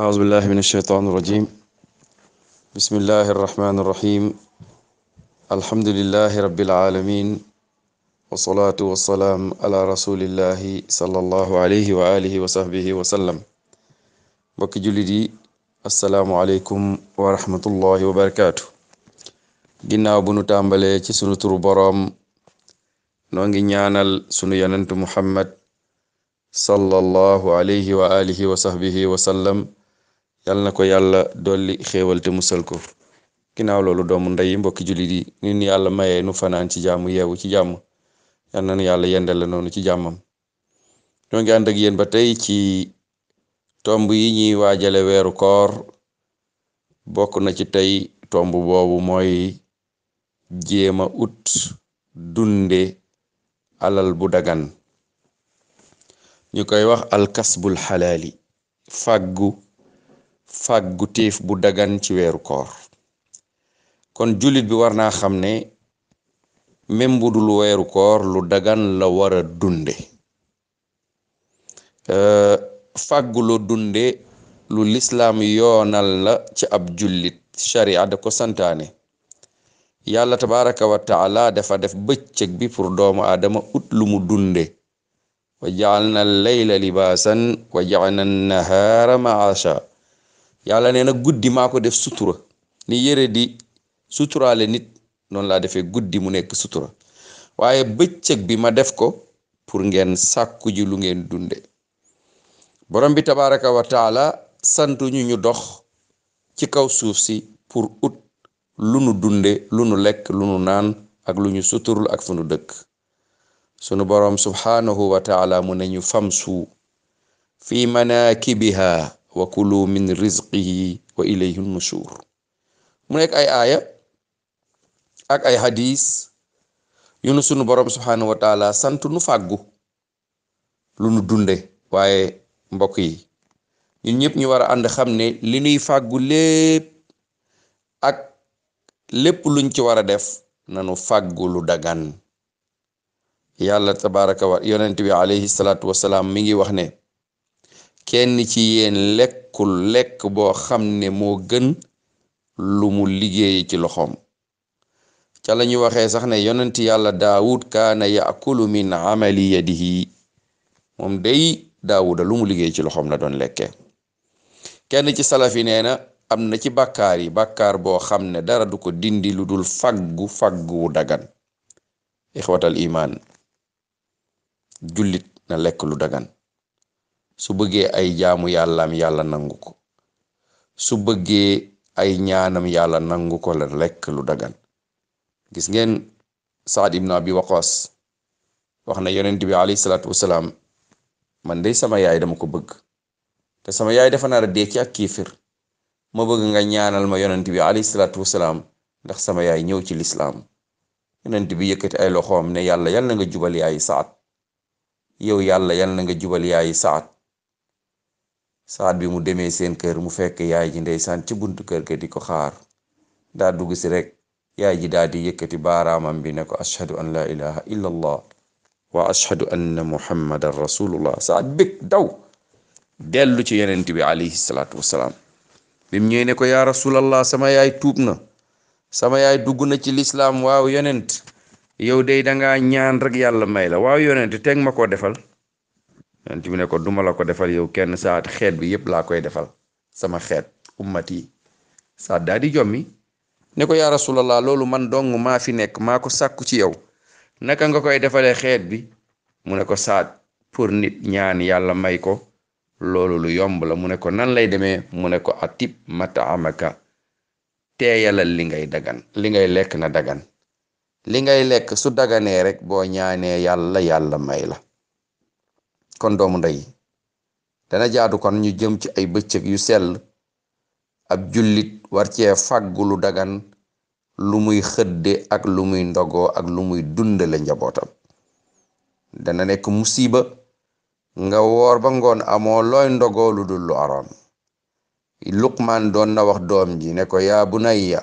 أعوذ بالله من الشيطان الرجيم بسم الله الرحمن الرحيم الحمد لله رب العالمين والصلاة والسلام على رسول الله صلى الله عليه وآله وصحبه وسلم mbokki jullit yi asalaamualeykum wa rahmatullahi wa barakaatu ginnaaw bu nu tàmbalee ci sunu turu boroom noo ngi ñaanal sunu yonentu muhammad sallallahu alayhi wa alihi wa sahbihi wa sallam yal na ko yàlla dolli xéewal te musal ko ginnaaw loolu doomu ndey mbokki jullit yi ni nu yàlla mayee nu fanaan ci jàmm yewu ci jàmm yal na nu yàlla yendale noonu ci jàmmam ñoo ngi ànd yéen ba tey ci tomb yi ñuy waajale weeru koor bokk na ci tey tomb boobu mooy jéema ut dunde alal bu dagan ñu koy wax alkasbul xalaali fàggu fàggu téef bu dagan ci weeru koor kon jullit bi war naa xam ne même bu dul weeru koor lu dagan la war dunde euh, fàggu lu dunde lu lislaam yoonal la ci ab julit sharia da ko santaane yàlla tabaraka wa taala dafa def bëccëg bi pour doomu adama ut lu mu dunde wa jaalna al layla libaasan wa jaalna an nahaara maasha yàlla nee na guddi maa ko def sutura ni yére di suturaale nit noonu laa defee guddi mu nekk sutura waaye bëccëg bi ma def ko pour ngeen sàkku lu ngeen dunde borom bi tabaraka wa taala ñu ñu dox ci kaw suuf si pour ut lu nu dunde lu nu lekk lu nu naan ak lu ñu suturul ak fu nu dëkk sunu borom subhaanahu wa taala mu ne ñu famsu fi manakibiha wa kulu min rizqihi wa ilayhi nushur mu nekk ay aaya ak ay hadis yu nu sunu borom subhanahu wa taala sant nu fàggu lu nu dunde waaye mbokk yi ñun ñëpp ñu war a ànd xam ne li nuy fàggu lépp ak lépp luñ ci war a def nanu fàggu lu dagan yàlla tabaraka wa yonent bi alayhi salaatu wasalaam mi ngi wax ne kenn ci yéen lekkul lekk boo xam ne moo gën lu mu liggéey ci loxoom ca la ñu waxee sax ne yonent yàlla daawud kaana yaakulu min amali yadihi moom day daawuda lu mu liggéey ci loxoom la doon lekke kenn ci salafi nee na am na ci bàkkaar yi bàkkaar boo xam ne dara du ko dindi lu dul faggu faggu wu dagan ixwatal imaan jullit na lekk lu dagan su bëggee ay jaamu yàllaam yàlla nangu ko su bëggee ay ñaanam yàlla nangu ko la lekk lu dagan gis ngeen saad ibn abi waqas wax na yonent bi alayhi salaatu wasalaam man de sama yaay dama ko bëgg te sama yaay dafa nar a dee ak kiifir ma bëgg nga ñaanal ma yonent bi alayhi salaatu wasalaam ndax sama yaay ñëw ci lislaam yonent bi yëkkati ay loxoom ne yàlla yal na nga jubal yaayi saat yow yàlla yal na nga jubal yaayi saat saat bi mu demee seen kër mu fekk yaay ji ndeysaan ci buntu kër ga di ko xaar daa dugg si rek yaay ji daa di yëkkati baaraamam bi ne ko ashhadu an laa ilaha illa allah wa ashhadu anna muhammadan rasulullah saat bég daw dellu ci yonent bi alayhi salaatu wassalaam bim ñëwee ne ko yaa rasulallah sama yaay tuub na sama yaay dugg na ci lislaam waaw yonent yow dey dangaa ñaan rek yàlla may la waaw yonent teg ma koo defal yonent bi ne ko duma la ko defal yow kenn saat xeet bi yëpp laa koy defal sama xeet ummat yi saat daa jommi ne ko yaa rasulallah loolu man dong maa fi nekk maa ko sàkku ci yow naka nga koy defalee xeet bi mu ne ko saat pour nit ñaan yàlla may ko loolu lu yomb la mu ne ko nan lay demee mu ne ko atib mata amaka teeyalal li ngay dagan li ngay lekk na dagan li ngay lekk su daganee rek boo ñaanee yàlla yàlla may la kon doomu ndey dana jaadu kon ñu jëm ci ay bëccëg yu sell ab jullit war cee fàggu lu dagan lu muy xëdde ak lu muy ndogoo ak lu muy dundale njabootam dana ne nekk musiba nga woor ba ngoon amoo looy ndogoo lu dul lu aroon luqmaan doon na wax doom ji ne ko yaabu naya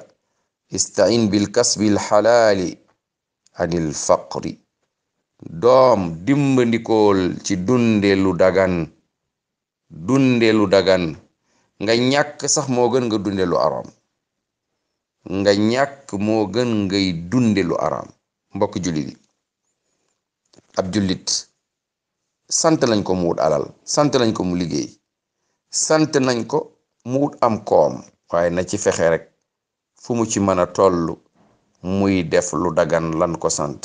istain bil kasbil xalaali anil faqri doom dimbandikool ci dunde lu dagan dunde lu dagan nga ñàkk sax moo gën nga dunde lu araam nga ñàkk moo gën ngay dunde lu araam mbokk jullit yi ab jullit sant lañ ko mu wut alal sant lañ ko mu liggéey sant nañ ko mu wut am koom waaye na ci fexe rek fu mu ci mën a toll muy def lu dagan lan ko sant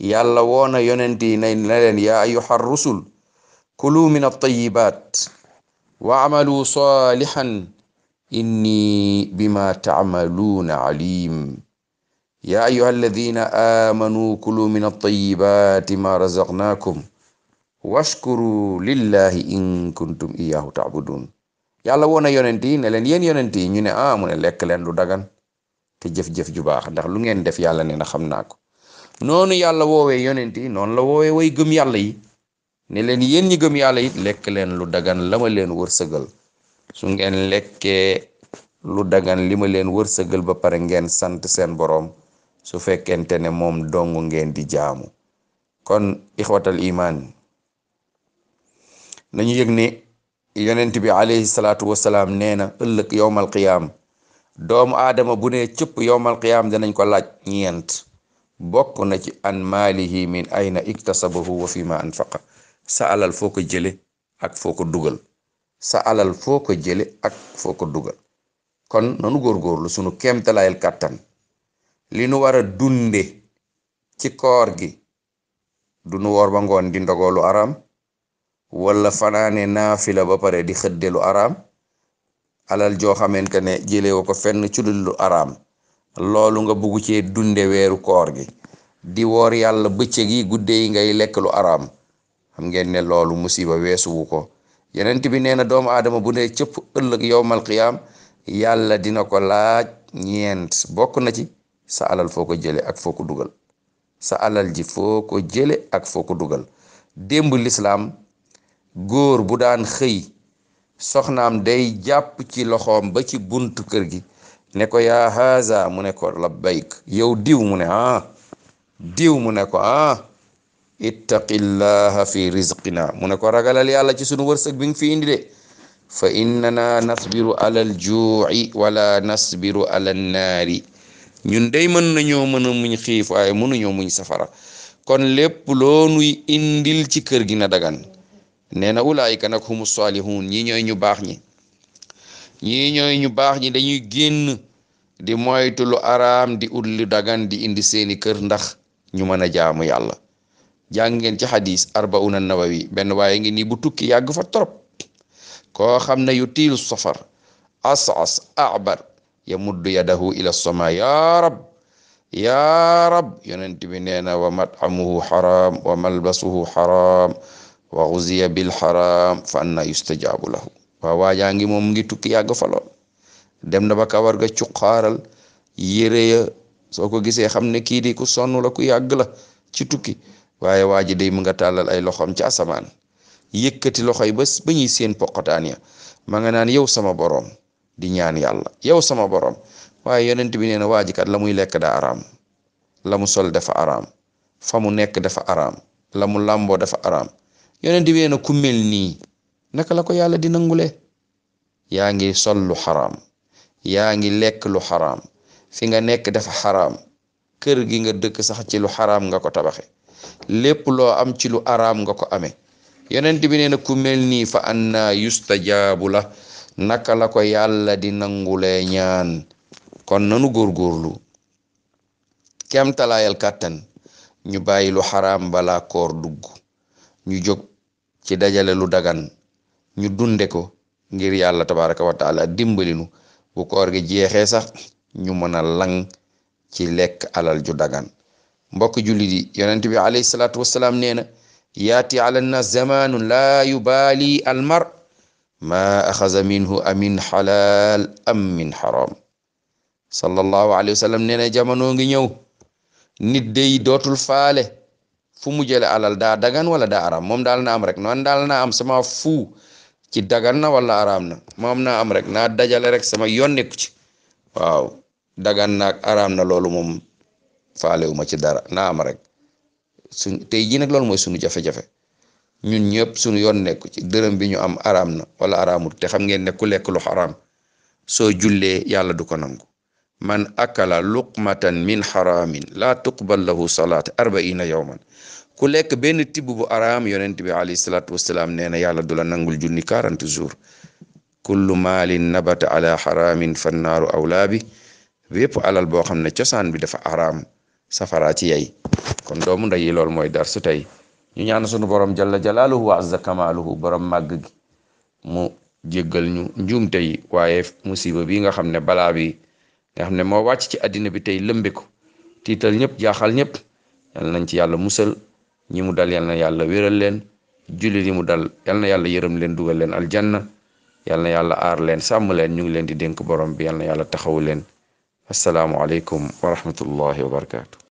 yàlla woona yonent yi ne leen yaa ayuha rusul kulu min altayibaat wa amalu salihan inni bima taamaluuna alim yaa ayuha alladina aamanuu kulu min altayibaati ma razaqnaakum washkuru lillahi in kuntum iyahu taabudun yàlla woona yonent yi ne leen yéen yonent yi ñu ne a ah, mu ne lekk leen lu dagan te jëf-jëf ju baax ndax lu ngeen def yàlla nee na xam naa ko noonu yàlla woowee yonent yi noonu la woowee way gëm yàlla yi ne leen yéen ñi gëm yàlla it lekk leen lu dagan la ma leen wërsëgal su ngeen lekkee lu dagan li ma leen wërsëgal ba pare ngeen sant seen boroom su fekkente ne moom dong ngeen di jaamu kon ixwatal imaan nañu yëg ne yonent bi alayhi salaatu wasalaam nee na ëllëg yowmal qiyaam doomu aadama bu ne cëpp yowmal qiyaam danañ ko laaj ñeent bokk na ci an maalihi min ayna iktasabahu wa fi ma anfaqa sa alal foo ko jële ak foo dugal sa alal foo ko jële ak foo dugal kon nanu góorgóorlu sunu kéemtalaayal kàttan li nu war a dunde ci koor gi du nu woor ba ngoon di ndogoolu araam wala fanaane naafila ba pare di xëdde lu araam alal joo xamante ne jëlee ko fenn ci lu araam loolu nga bugg cee dunde weeru koor gi di woor yàlla bëccëg yi gudde yi ngay lekk lu araam xam ngeen ne loolu musiba weesuwu ko yenent bi nee na doomu aadama bu ne cëpp ëllëg yowmal qiyaam yàlla dina ko laaj ñeent bokk na ci sa alal foo ko jële ak foo ko dugal sa alal ji foo ko jële ak foo ko dugal démb lislaam góor bu daan xëy soxnaam day jàpp ci loxoom ba ci buntu kër gi ne ko yaa haza mu ne ko labbayk yow diw mu ne ah diw mu ne ko ah ittaqillaha fi rizqina mu ne ko ragalal yàlla ci sunu wërsëg bi nga fi indi de fa innana nasbiru ala al juuci wala nasbiru ala an naari ñun day mën nañoo mën a muñ xiif waaye mënuñoo muñ safara kon lépp loo nuy indil ci kër gi na dagan nee na ulaayika nag humu salihun ñi ñooy ñu baax ñi ñii ñooy ñu baax ñi dañuy génn di moytu lu araam di ut dagan di indi seeni kër ndax ñu mën a jaamu yàlla jàng ngeen ci xadis arbauna nawawi benn waaye ngi nii bu tukki yàgg fa trop koo xam ne yu tiilu safar asas abar yamuddu yadahu ila sama yaa rab yaa rab yonent bi nee wa matamuhu xaram wa malbasuhu xaram wa xuziya bil xaram fa anna yustajaabu lahu waa waajaa ngi moom ngi tukki yàgg fa dem na ba kawar ga cuqaaral yére ya soo ko gisee xam ne kii di ku sonn la ku yàgg la ci tukki waaye waa ji day mu nga tàllal ay loxoom ci asamaan yëkkati loxo yi ba ba ñuy seen poqataan ya ma nga naan yow sama boroom di ñaan yàlla yow sama boroom waaye yonent bi nee na waa ji kat la muy lekk da araam la mu sol dafa araam fa mu nekk dafa araam la mu làmboo dafa araam yonent bi nee na ku nii naka la ko yàlla di nangule yaa ngi sollu lu xaraam yaa ngi lekk lu xaraam fi nga nekk dafa xaraam kër gi nga dëkk sax ci lu xaraam nga ko tabaxe lépp loo am ci lu araam nga ko amee yeneen bi na ku mel nii fa anna yustajaabu la naka la ko yàlla di nangule ñaan kon nanu góorgóorlu kem talaayal kàttan ñu bàyyi lu xaraam balaa koor dugg ñu jóg ci dajale lu dagan ñu dunde ko ngir yàlla tabaraka wa taala dimbalinu gi jeexee sax ñu mën a lang ci lekk alal ju dagan mbokk jullit yi yonent bi alayhi salaatu wassalaam nee na yaati ala nnaas zamaanun laa yubaali almar maa axaza minhu amin xalaal am min xaram sallallahu alayhi wa sallam nee na jamono ngi ñëw nit day dootul faale fu mu jële alal daa dagan wala daa aram moom daal na am sama fuu ci dagan na wala araam na moom naa am rek na dajale rek sama yoon nekku ci waaw dagan araam na loolu moom faalewu ci dara naa am rek suñ tey jii nag loolu mooy suñu jafe-jafe ñun ñëpp suñu yoon nekku ci dërëm bi ñu am araam na wala araamut te xam ngeen ne ku lekk lu xaraam soo jullee yàlla du ko nangu man akala luqmatan min xaraamin laa tuqbal lahu salaat arbaina yawman ku lekk benn tibb bu araam yonent bi alayhi salaatu wasalaam nee na yàlla du la nangul junni quarante jours kullu maalin nabata ala xaraamin fannaaru awlaa bi bépp alal boo xam ne cosaan bi dafa araam safaraa ci yay kon doomu ndeyi lool mooy dar ñu ñaan sunu borom jalla jalaaluhu wa azza kamaaluhu borom màgg mu jéggal ñu njuumte yi waaye musiba bi nga xam ne balaa bi nga xam ne moo wàcc ci àddina bi tey lëmbe ko tiital ñëpp jaaxal ñëpp yal nañ ci yàlla musal ñi mu dal yal na yàlla wéral leen jullit yi mu dal yal na yàlla yërëm leen dugal leen aljanna yal na yàlla aar leen sàmm leen ñu ngi leen di dénk borom bi yal na yàlla taxawu leen asalaamualeykum wa rahmatullahi wa